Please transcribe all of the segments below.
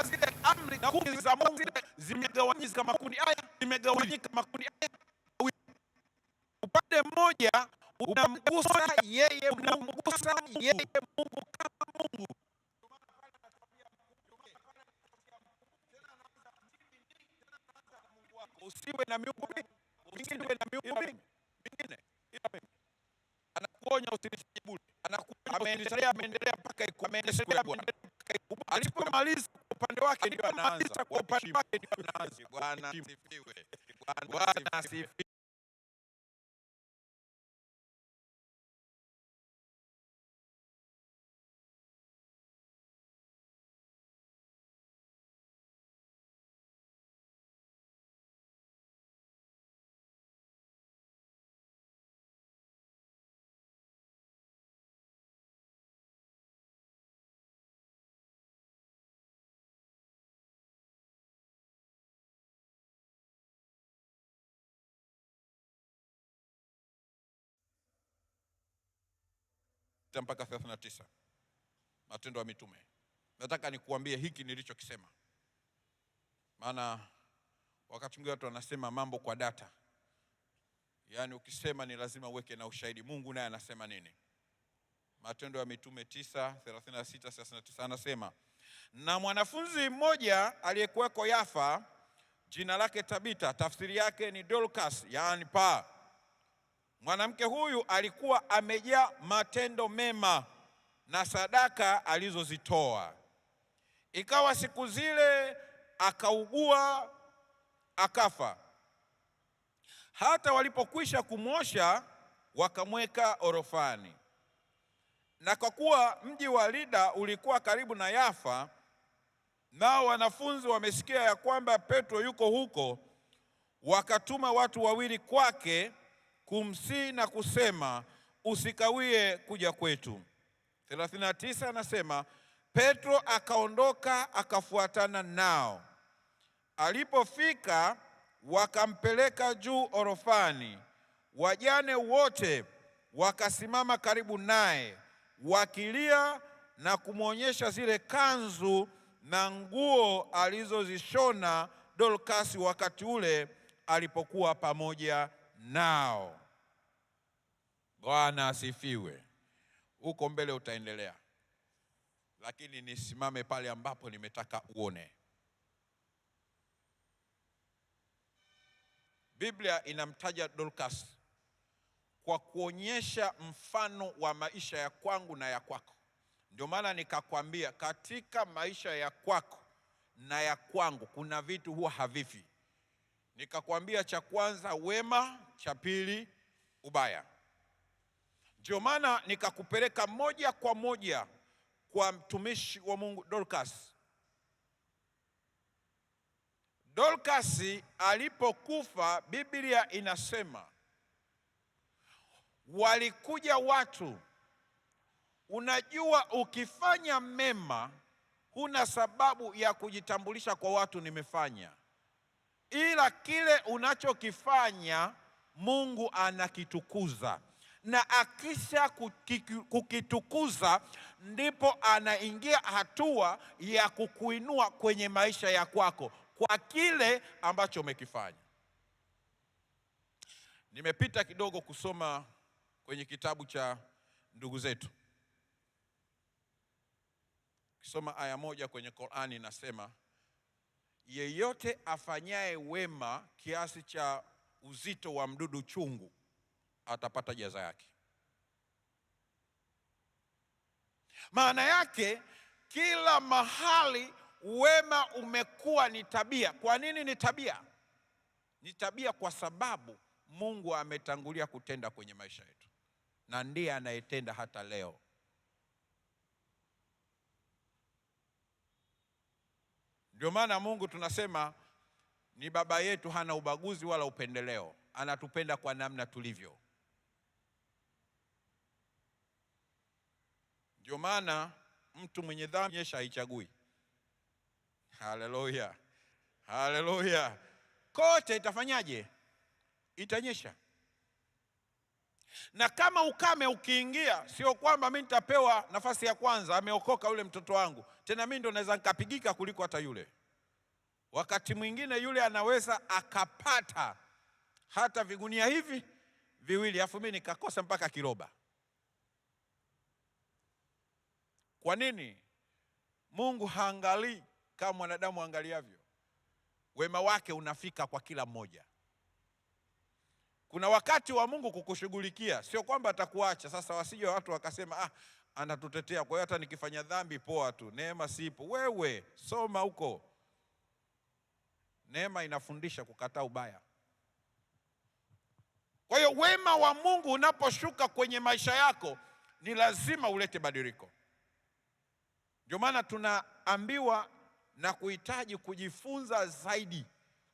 kutoa zile amri na kumi za Mungu zile zimegawanyika makundi haya, zimegawanyika makundi haya. Upande mmoja unamgusa yeye, unamgusa yeye Mungu kama Mungu usiwe na miungu mingine, na miungu mingine. Anakuonya usifanye bure, anakuonya. Ameendelea, ameendelea mpaka ikubwa, ameendelea mpaka ikubwa. Alipomaliza upande wake ndio anaanza. Kwa upande wake ndio anaanza. Bwana asifiwe. Bwana asifiwe. 36 mpaka 39 Matendo ya Mitume. Nataka nikuambie hiki nilichokisema, maana wakati mwingine watu wanasema mambo kwa data, yaani ukisema ni lazima uweke na ushahidi. Mungu naye anasema nini? Matendo ya Mitume 9 36 39, anasema na mwanafunzi mmoja aliyekuwako Yafa, jina lake Tabita, tafsiri yake ni Dorcas, yaani paa Mwanamke huyu alikuwa amejaa matendo mema na sadaka alizozitoa. Ikawa siku zile akaugua akafa. Hata walipokwisha kumwosha wakamweka orofani, na kwa kuwa mji wa Lida ulikuwa karibu na Yafa, nao wanafunzi wamesikia ya kwamba Petro yuko huko, wakatuma watu wawili kwake kumsii na kusema usikawie kuja kwetu. 39 anasema Petro akaondoka akafuatana nao. Alipofika wakampeleka juu orofani, wajane wote wakasimama karibu naye wakilia na kumwonyesha zile kanzu na nguo alizozishona Dorkasi wakati ule alipokuwa pamoja nao. Bwana asifiwe. Huko mbele utaendelea, lakini nisimame pale ambapo nimetaka uone. Biblia inamtaja Dorcas kwa kuonyesha mfano wa maisha ya kwangu na ya kwako. Ndio maana nikakwambia katika maisha ya kwako na ya kwangu kuna vitu huwa havifi. Nikakwambia cha kwanza wema, cha pili ubaya. Ndio maana nikakupeleka moja kwa moja kwa mtumishi wa Mungu Dorcas. Dorcas alipokufa, Biblia inasema walikuja watu. Unajua, ukifanya mema huna sababu ya kujitambulisha kwa watu, nimefanya, ila kile unachokifanya Mungu anakitukuza na akisha kukitukuza ndipo anaingia hatua ya kukuinua kwenye maisha ya kwako kwa kile ambacho umekifanya. Nimepita kidogo kusoma kwenye kitabu cha ndugu zetu, kisoma aya moja kwenye Qur'ani inasema, yeyote afanyaye wema kiasi cha uzito wa mdudu chungu atapata jaza yake. Maana yake kila mahali wema umekuwa ni tabia. Kwa nini ni tabia? Ni tabia kwa sababu Mungu ametangulia kutenda kwenye maisha yetu, na ndiye anayetenda hata leo. Ndio maana Mungu tunasema ni baba yetu, hana ubaguzi wala upendeleo, anatupenda kwa namna tulivyo. Ndio maana mtu mwenye dhambi nyesha haichagui. Haleluya, haleluya! Kote itafanyaje? Itanyesha. Na kama ukame ukiingia, sio kwamba mimi nitapewa nafasi ya kwanza, ameokoka yule mtoto wangu, tena mimi ndo naweza nikapigika kuliko hata yule. Wakati mwingine yule anaweza akapata hata vigunia hivi viwili, afu mimi nikakosa mpaka kiroba. Kwa nini? Mungu haangalii kama mwanadamu angaliavyo. Wema wake unafika kwa kila mmoja. Kuna wakati wa Mungu kukushughulikia, sio kwamba atakuacha. Sasa wasije watu wakasema, ah, anatutetea kwa hiyo hata nikifanya dhambi poa tu, neema sipo. Wewe soma huko, neema inafundisha kukataa ubaya. Kwa hiyo wema wa Mungu unaposhuka kwenye maisha yako, ni lazima ulete badiliko. Ndio maana tunaambiwa na kuhitaji kujifunza zaidi,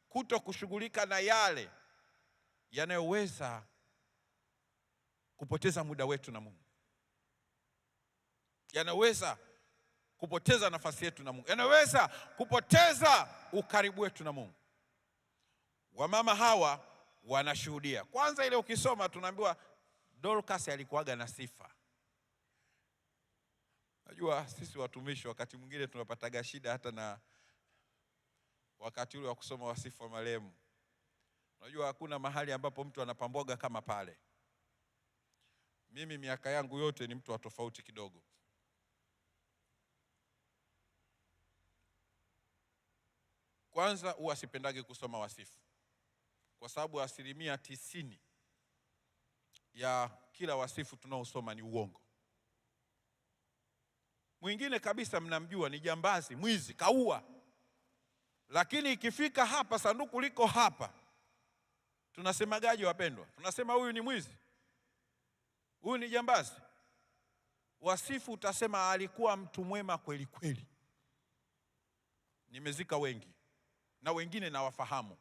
kuto kushughulika na yale yanayoweza kupoteza muda wetu na Mungu, yanaweza kupoteza nafasi yetu na Mungu, yanaweza kupoteza ukaribu wetu na Mungu. Wamama hawa wanashuhudia. Kwanza ile ukisoma tunaambiwa Dorcas alikuwaga na sifa Najua sisi watumishi wakati mwingine tunapataga shida hata na wakati ule wa kusoma wasifu wa marehemu. Unajua hakuna mahali ambapo mtu anapambwaga kama pale. Mimi miaka yangu yote ni mtu wa tofauti kidogo. Kwanza huwa sipendagi kusoma wasifu kwa sababu asilimia tisini ya kila wasifu tunaosoma ni uongo. Mwingine kabisa mnamjua ni jambazi, mwizi, kaua. Lakini ikifika hapa, sanduku liko hapa, gaji wapendwa? Tunasema huyu ni mwizi, huyu ni jambazi? Wasifu utasema alikuwa mtu mwema kweli kweli. Nimezika wengi na wengine nawafahamu,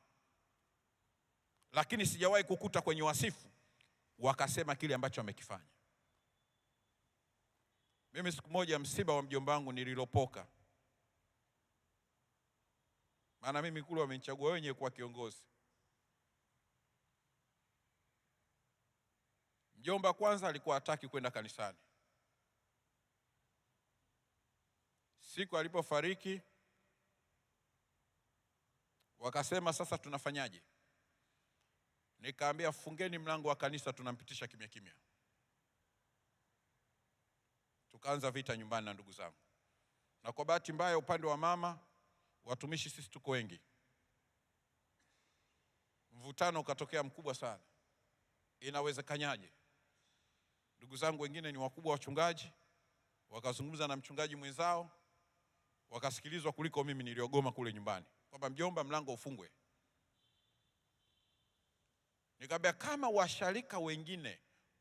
lakini sijawahi kukuta kwenye wasifu wakasema kile ambacho amekifanya. Mimi siku moja msiba wa mjomba wangu nililopoka, maana mimi kule wamenichagua wenye kuwa kiongozi. Mjomba kwanza alikuwa hataki kwenda kanisani. Siku alipofariki wakasema, sasa tunafanyaje? Nikaambia, fungeni mlango wa kanisa, tunampitisha kimya kimya tukaanza vita nyumbani na ndugu zangu, na kwa bahati mbaya upande wa mama watumishi sisi tuko wengi, mvutano ukatokea mkubwa sana. inawezekanyaje Ndugu zangu wengine ni wakubwa wachungaji, wakazungumza na mchungaji mwenzao, wakasikilizwa kuliko mimi niliogoma kule nyumbani kwamba mjomba, mlango ufungwe. Nikaambia kama washarika wengine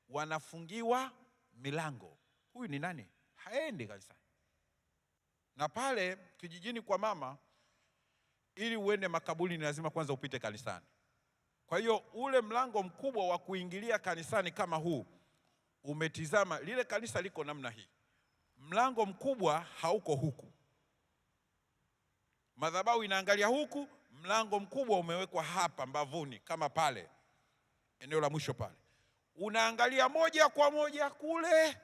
wanafungiwa milango, huyu ni nani? haendi kanisani. Na pale kijijini kwa mama, ili uende makaburi ni lazima kwanza upite kanisani. Kwa hiyo ule mlango mkubwa wa kuingilia kanisani kama huu umetizama, lile kanisa liko namna hii, mlango mkubwa hauko huku, madhabahu inaangalia huku, mlango mkubwa umewekwa hapa mbavuni, kama pale eneo la mwisho pale, unaangalia moja kwa moja kule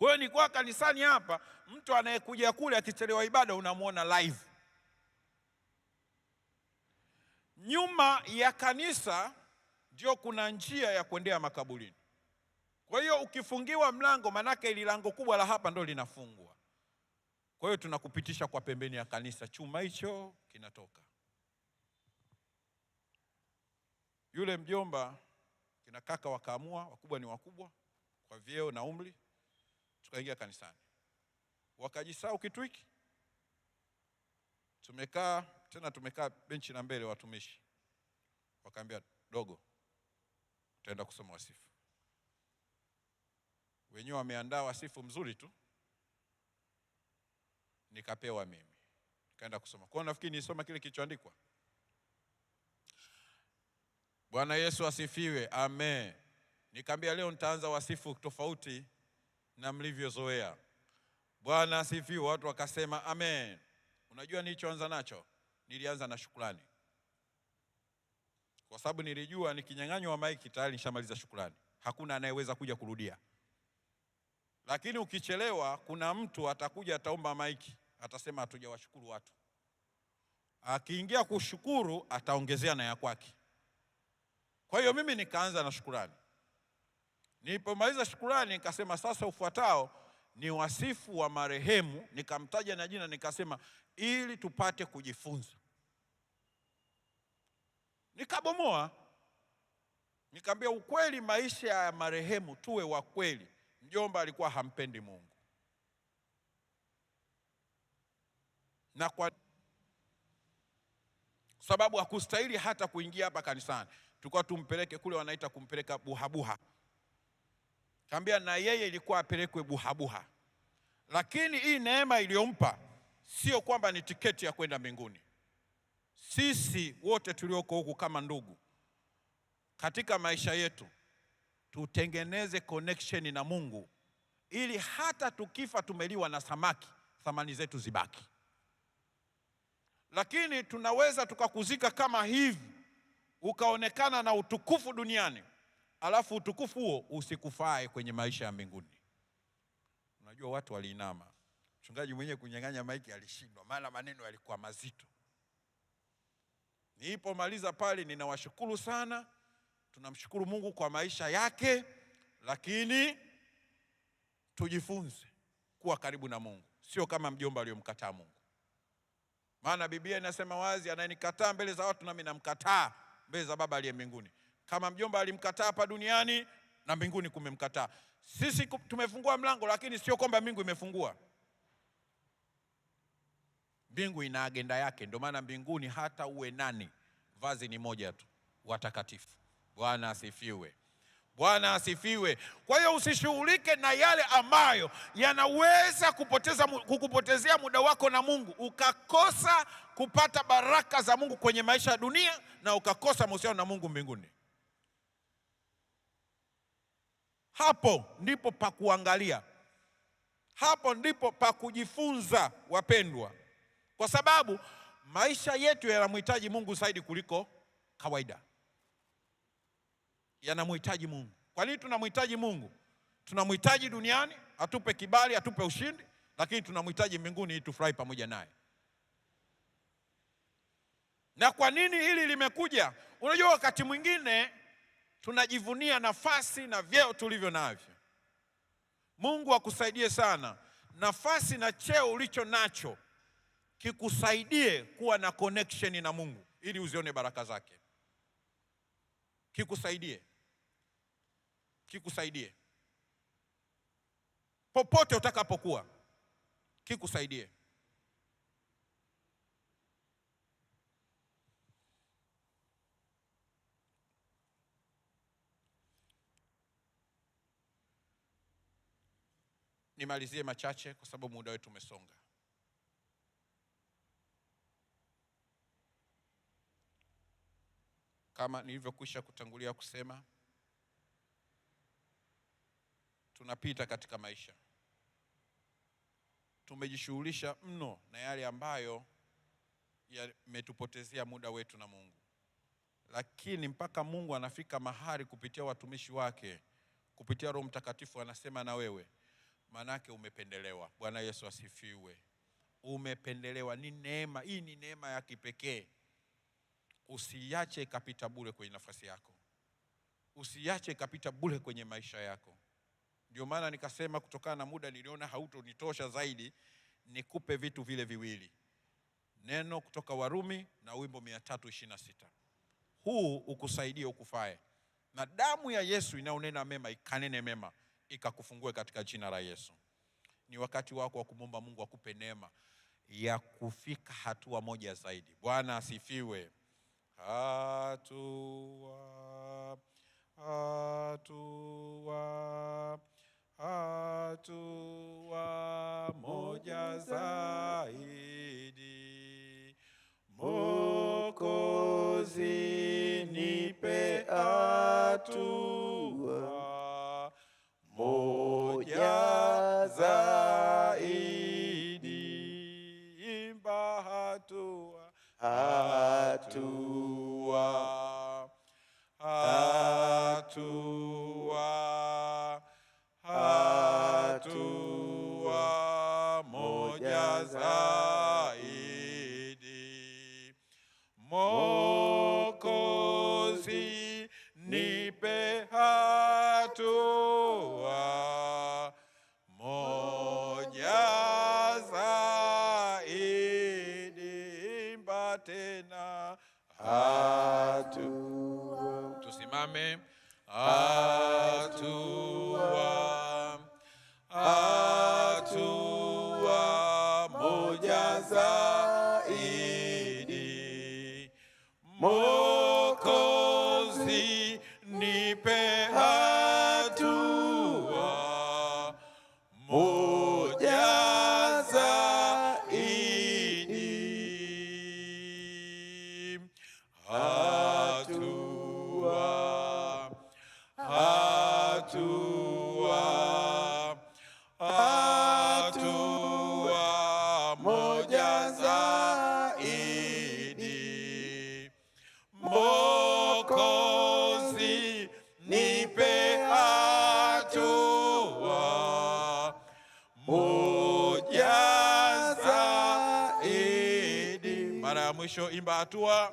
kwa hiyo nikuwa kanisani hapa, mtu anayekuja kule akichelewa ibada unamwona live nyuma ya kanisa, ndio kuna njia ya kuendea makaburini. Kwa hiyo ukifungiwa mlango, manake ili lango kubwa la hapa ndo linafungwa. Kwa hiyo tunakupitisha kwa pembeni ya kanisa, chuma hicho kinatoka. Yule mjomba kina kaka wakaamua, wakubwa ni wakubwa kwa vyeo na umri tukaingia kanisani, wakajisahau kitu hiki. Tumekaa tena, tumekaa benchi na mbele, watumishi wakaambia, dogo, tutaenda kusoma wasifu. Wenyewe wameandaa wasifu mzuri tu, nikapewa mimi, nikaenda kusoma Kwa Nafikiri nisoma kile kilichoandikwa. Bwana Yesu asifiwe, amen. Nikaambia leo nitaanza wasifu tofauti na mlivyozoea. Bwana asifiwe. Watu wakasema amen. Unajua nilichoanza nacho? Nilianza na shukrani, kwa sababu nilijua nikinyang'anywa maiki tayari nishamaliza shukrani, hakuna anayeweza kuja kurudia. Lakini ukichelewa, kuna mtu atakuja, ataomba maiki, atasema hatujawashukuru watu. Akiingia kushukuru, ataongezea na ya kwake. Kwa hiyo mimi nikaanza na shukrani. Nilipomaliza shukurani, nikasema sasa ufuatao ni wasifu wa marehemu, nikamtaja na jina, nikasema ili tupate kujifunza. Nikabomoa, nikaambia ukweli, maisha ya marehemu tuwe wa kweli. Mjomba alikuwa hampendi Mungu na kwa sababu hakustahili hata kuingia hapa kanisani, tulikuwa tumpeleke kule, wanaita kumpeleka buhabuha. Kaambia na yeye ilikuwa apelekwe Buhabuha, lakini hii neema iliyompa sio kwamba ni tiketi ya kwenda mbinguni. Sisi wote tulioko huku kama ndugu, katika maisha yetu tutengeneze connection na Mungu ili hata tukifa tumeliwa na samaki, thamani zetu zibaki. Lakini tunaweza tukakuzika kama hivi ukaonekana na utukufu duniani, alafu utukufu huo usikufae kwenye maisha ya mbinguni. Unajua watu waliinama, mchungaji mwenyewe kunyang'anya maiki alishindwa, maana maneno yalikuwa mazito. Nilipomaliza pale, ninawashukuru sana, tunamshukuru Mungu kwa maisha yake, lakini tujifunze kuwa karibu na Mungu, sio kama mjomba aliyomkataa Mungu. Maana Biblia inasema wazi, anayenikataa mbele za watu nami namkataa mbele za Baba aliye mbinguni. Kama mjomba alimkataa hapa duniani na mbinguni kumemkataa. Sisi tumefungua mlango, lakini sio kwamba mbingu imefungua. Mbingu ina agenda yake. Ndio maana mbinguni hata uwe nani, vazi ni moja tu, watakatifu. Bwana asifiwe. Bwana asifiwe. Kwa hiyo usishughulike na yale ambayo yanaweza kupoteza, kukupotezea muda wako na Mungu, ukakosa kupata baraka za Mungu kwenye maisha ya dunia na ukakosa mahusiano na Mungu mbinguni. Hapo ndipo pa kuangalia, hapo ndipo pa kujifunza, wapendwa, kwa sababu maisha yetu yanamhitaji Mungu zaidi kuliko kawaida, yanamhitaji Mungu. Kwa nini tunamhitaji Mungu? Tunamhitaji duniani atupe kibali, atupe ushindi, lakini tunamhitaji mbinguni ili tufurahi pamoja naye. Na kwa nini hili limekuja? Unajua, wakati mwingine tunajivunia nafasi na vyeo tulivyo navyo. Mungu akusaidie sana, nafasi na cheo ulicho nacho kikusaidie kuwa na connection na Mungu ili uzione baraka zake, kikusaidie kikusaidie popote utakapokuwa, kikusaidie. nimalizie machache kwa sababu muda wetu umesonga. Kama nilivyokwisha kutangulia kusema, tunapita katika maisha, tumejishughulisha mno na yale ambayo yametupotezea muda wetu na Mungu, lakini mpaka Mungu anafika mahali kupitia watumishi wake, kupitia Roho Mtakatifu anasema na wewe maanake umependelewa. Bwana Yesu asifiwe. Umependelewa, ni neema. Hii ni neema ya kipekee. Usiache ikapita bure kwenye nafasi yako, usiache ikapita bure kwenye maisha yako. Ndio maana nikasema kutokana na muda niliona hautonitosha zaidi, nikupe vitu vile viwili, neno kutoka Warumi na wimbo 326 huu ukusaidie ukufae, na damu ya Yesu inayonena mema ikanene mema ikakufungue katika jina la Yesu. Ni wakati wako wa kumwomba Mungu akupe neema ya kufika hatua moja zaidi. Bwana asifiwe. Hatua, hatua, hatua moja zaidi. Mokozi nipe hatua limbatuwa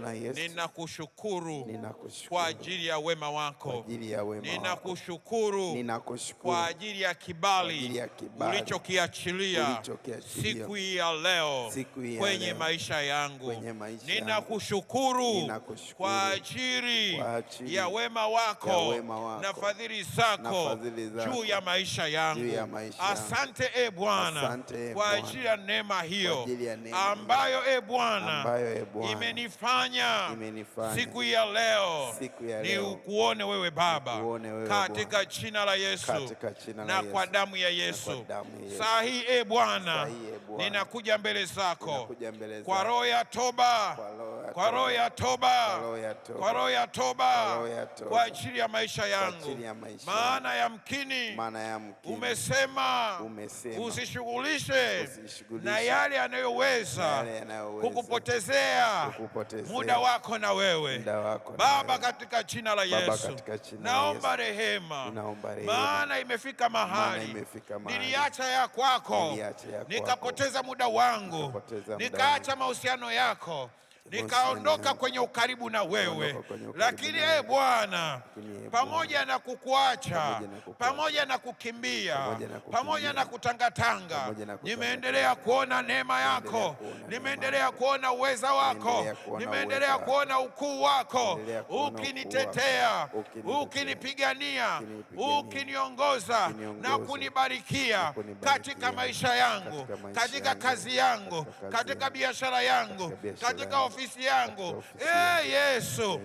Bwana Yesu. Ninakushukuru. kwa ajili ya wema wako. Ninakushukuru kwa ajili ya kibali ulichokiachilia siku hii ya leo kwenye maisha yangu. Ninakushukuru kwa ajili ya wema wako na fadhili zako juu ya maisha yangu. Asante e Bwana e kwa ajili ya neema hiyo e ambayo e Bwana imenifanya imenifanya siku ya leo ni ukuone wewe Baba, katika jina la Yesu na kwa damu ya Yesu. Saa hii e Bwana, e ninakuja mbele zako kwa roho ya toba kwa roho ya toba, kwa roho ya toba, kwa ajili ya maisha yangu. Maana yamkini umesema usishughulishe na yale yanayoweza kukupotezea muda wako na wewe Baba, katika jina la Yesu naomba rehema, maana imefika mahali niliacha ya kwako nikapoteza muda wangu nikaacha mahusiano yako nikaondoka kwenye ukaribu na wewe. Ee Lakini ee Bwana, pamoja na kukuacha, pamoja na kukimbia, pamoja na kutangatanga, nimeendelea kuona neema yako, nimeendelea kuona uweza wako, nimeendelea kuona ukuu wako, ukinitetea, ukinipigania, ukiniongoza na kunibarikia katika maisha yangu, katika kazi yangu, katika biashara yangu, katika ofisi yangu. E Yesu,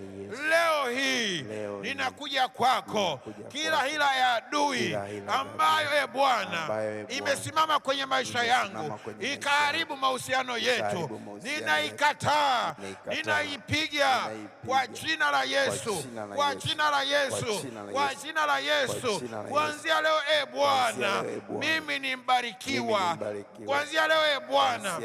leo hii ninakuja kwako, kila hila ya adui ambayo, e Bwana, imesimama kwenye maisha yangu ikaharibu mahusiano yetu, ninaikataa, ninaipiga kwa jina la Yesu, kwa jina la Yesu, kwa jina la Yesu. Kuanzia leo e Bwana, mimi ni mbarikiwa. Kuanzia leo e Bwana,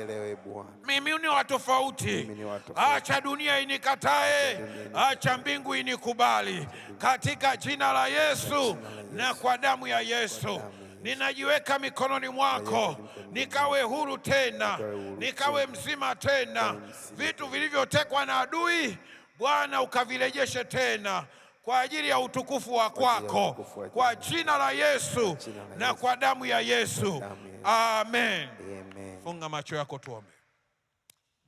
mimi ni wa tofauti. Acha dunia inikatae, acha mbingu inikubali, katika jina la Yesu na kwa damu ya Yesu ninajiweka mikononi mwako, nikawe huru tena, nikawe mzima tena. Vitu vilivyotekwa na adui, Bwana ukavirejeshe tena kwa ajili ya utukufu wa kwako, kwa jina la Yesu na kwa damu ya Yesu. Amen. Funga macho yako tuombe.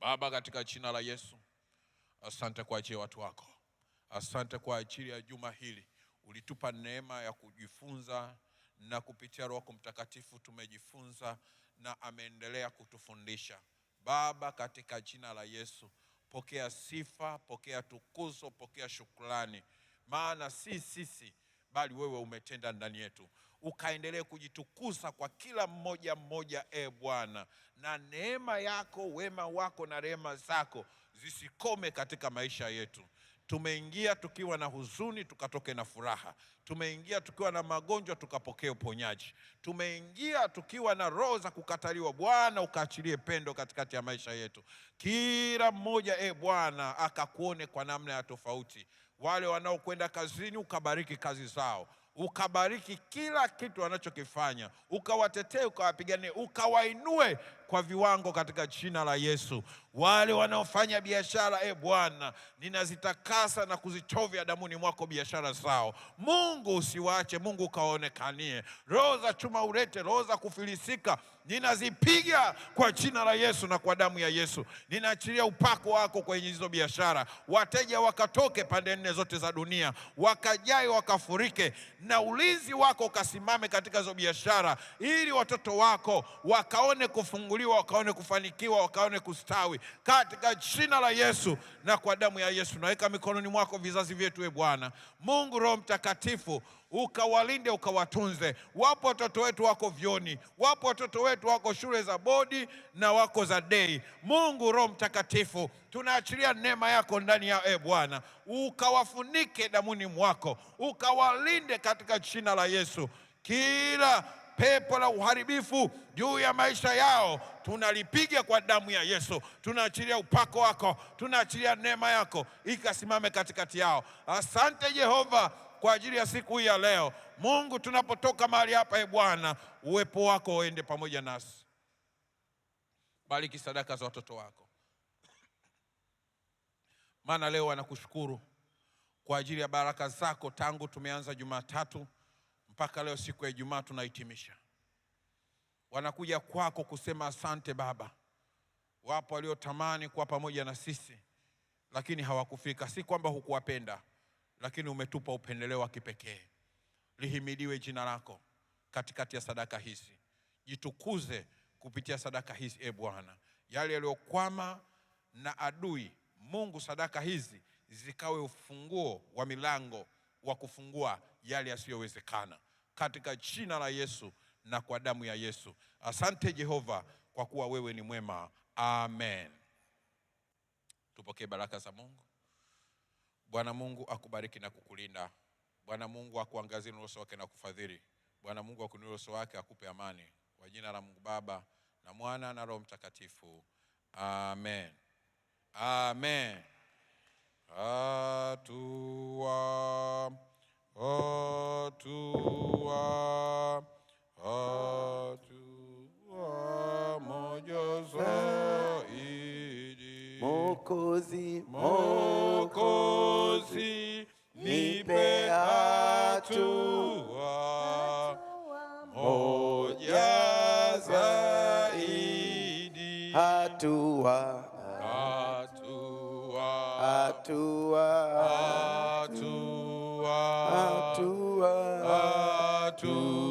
Baba, katika jina la Yesu, asante kwa ajili ya watu wako, asante kwa ajili ya juma hili. Ulitupa neema ya kujifunza na kupitia Roho yako Mtakatifu tumejifunza na ameendelea kutufundisha. Baba, katika jina la Yesu, pokea sifa, pokea tukuzo, pokea shukrani, maana si sisi bali wewe umetenda ndani yetu, ukaendelee kujitukuza kwa kila mmoja mmoja, e Bwana, na neema yako, wema wako na rehema zako zisikome katika maisha yetu. Tumeingia tukiwa na huzuni, tukatoke na furaha. Tumeingia tukiwa na magonjwa, tukapokea uponyaji. Tumeingia tukiwa na roho za kukataliwa, Bwana ukaachilie pendo katikati ya maisha yetu. Kila mmoja e Bwana akakuone kwa namna ya tofauti wale wanaokwenda kazini, ukabariki kazi zao, ukabariki kila kitu wanachokifanya, ukawatetee, ukawapiganie, ukawainue kwa viwango katika jina la Yesu. Wale wanaofanya biashara, e Bwana, ninazitakasa na kuzichovya damuni mwako biashara zao. Mungu usiwache, Mungu kaonekanie Roho za chuma ulete, roho za kufilisika ninazipiga kwa jina la Yesu na kwa damu ya Yesu. Ninaachilia upako wako kwenye hizo biashara, wateja wakatoke pande nne zote za dunia, wakajae wakafurike, na ulinzi wako ukasimame katika hizo biashara, ili watoto wako wakaone kufunguliwa wakafunguliwa, wakaone kufanikiwa, wakaone kustawi katika jina la Yesu na kwa damu ya Yesu. Naweka mikononi mwako vizazi vyetu, e Bwana Mungu. Roho Mtakatifu ukawalinde ukawatunze. Wapo watoto wetu wako vyoni, wapo watoto wetu wako shule za bodi na wako za dei. Mungu Roho Mtakatifu, tunaachilia neema yako ndani yao, e ee Bwana, ukawafunike damuni mwako, ukawalinde katika jina la Yesu kila pepo la uharibifu juu ya maisha yao, tunalipiga kwa damu ya Yesu. Tunaachilia upako wako, tunaachilia neema yako ikasimame katikati yao. Asante Jehova kwa ajili ya siku hii ya leo. Mungu, tunapotoka mahali hapa, e Bwana, uwepo wako uende pamoja nasi. Bariki sadaka za watoto wako, maana leo wanakushukuru kwa ajili ya baraka zako tangu tumeanza Jumatatu mpaka leo siku ya Ijumaa tunahitimisha. Wanakuja kwako kusema asante Baba. Wapo waliotamani kuwa pamoja na sisi lakini hawakufika, si kwamba hukuwapenda, lakini umetupa upendeleo wa kipekee. Lihimidiwe jina lako katikati ya sadaka hizi, jitukuze kupitia sadaka hizi. E Bwana, yale yaliyokwama na adui Mungu, sadaka hizi zikawe ufunguo wa milango wa kufungua yale yasiyowezekana katika jina la Yesu na kwa damu ya Yesu. Asante Jehova kwa kuwa wewe ni mwema. Amen. Tupokee baraka za Mungu. Bwana Mungu akubariki na kukulinda. Bwana Mungu akuangazie uso wake na kufadhili. Bwana Mungu akunuru uso wake akupe amani. Kwa jina la Mungu Baba na Mwana na Roho Mtakatifu. Amen. Amen. Atua Atua, atua, Atua, atua, atua. atua. to